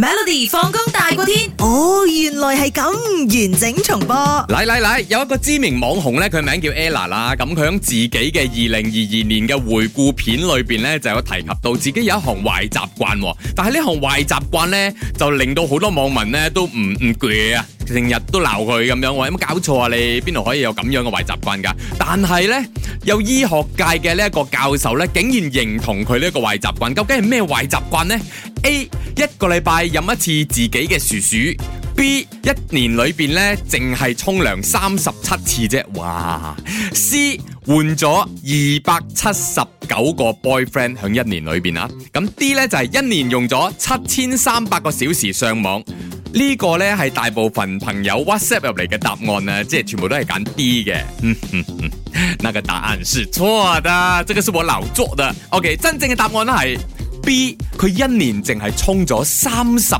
Melody 放工大過天，哦，原來係咁，完整重播。嚟嚟嚟，有一個知名網紅咧，佢名叫 Ella 啦，咁佢喺自己嘅二零二二年嘅回顧片裏邊咧，就有提及到自己有一項壞習慣喎，但係呢項壞習慣咧，就令到好多網民咧都唔唔攰啊。成日都鬧佢咁樣，我有冇搞錯啊？你邊度可以有咁樣嘅壞習慣噶？但係呢，有醫學界嘅呢一個教授呢，竟然認同佢呢一個壞習慣。究竟係咩壞習慣呢？A 一個禮拜飲一次自己嘅薯薯。B 一年裏邊呢，淨係沖涼三十七次啫。哇！C 換咗二百七十九個 boyfriend 響一年裏邊啊。咁 D 呢，就係、是、一年用咗七千三百個小時上網。個呢個咧係大部分朋友 WhatsApp 入嚟嘅答案啊，即係全部都係揀 D 嘅。嗯哼哼，那個答案是錯的，這個是我留作啦。OK，真正嘅答案咧係 B，佢一年淨係沖咗三十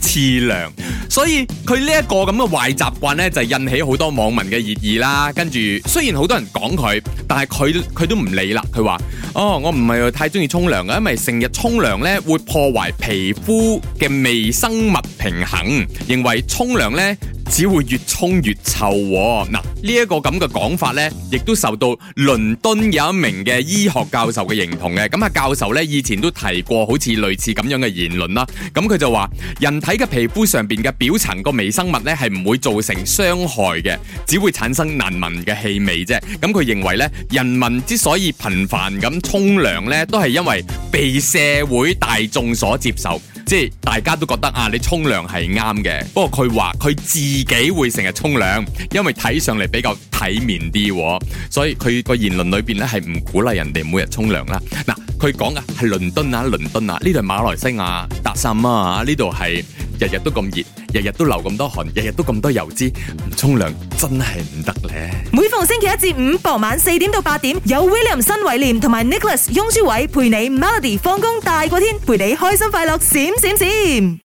七次涼。所以佢呢一個咁嘅壞習慣呢，就引起好多網民嘅熱議啦。跟住雖然好多人講佢，但係佢佢都唔理啦。佢話：哦，我唔係太中意沖涼嘅，因為成日沖涼呢會破壞皮膚嘅微生物平衡，認為沖涼呢。只會越沖越臭。嗱，呢一個咁嘅講法呢，亦都受到倫敦有一名嘅醫學教授嘅認同嘅。咁啊，教授呢以前都提過好似類似咁樣嘅言論啦。咁佢就話，人體嘅皮膚上邊嘅表層個微生物呢，係唔會造成傷害嘅，只會產生難聞嘅氣味啫。咁佢認為呢，人民之所以頻繁咁沖涼呢，都係因為被社會大眾所接受。即係大家都覺得啊，你沖涼係啱嘅。不過佢話佢自己會成日沖涼，因為睇上嚟比較體面啲，所以佢個言論裏邊咧係唔鼓勵人哋每日沖涼啦。嗱、啊，佢講嘅係倫敦啊，倫敦啊，呢度係馬來西亞達山啊，呢度係日日都咁熱。日日都流咁多汗，日日都咁多油脂，唔沖涼真係唔得咧。每逢星期一至五傍晚四點到八點，有 William 新偉廉同埋 Nicholas 翁舒偉陪你 Melody 放工大過天，陪你開心快樂閃閃閃。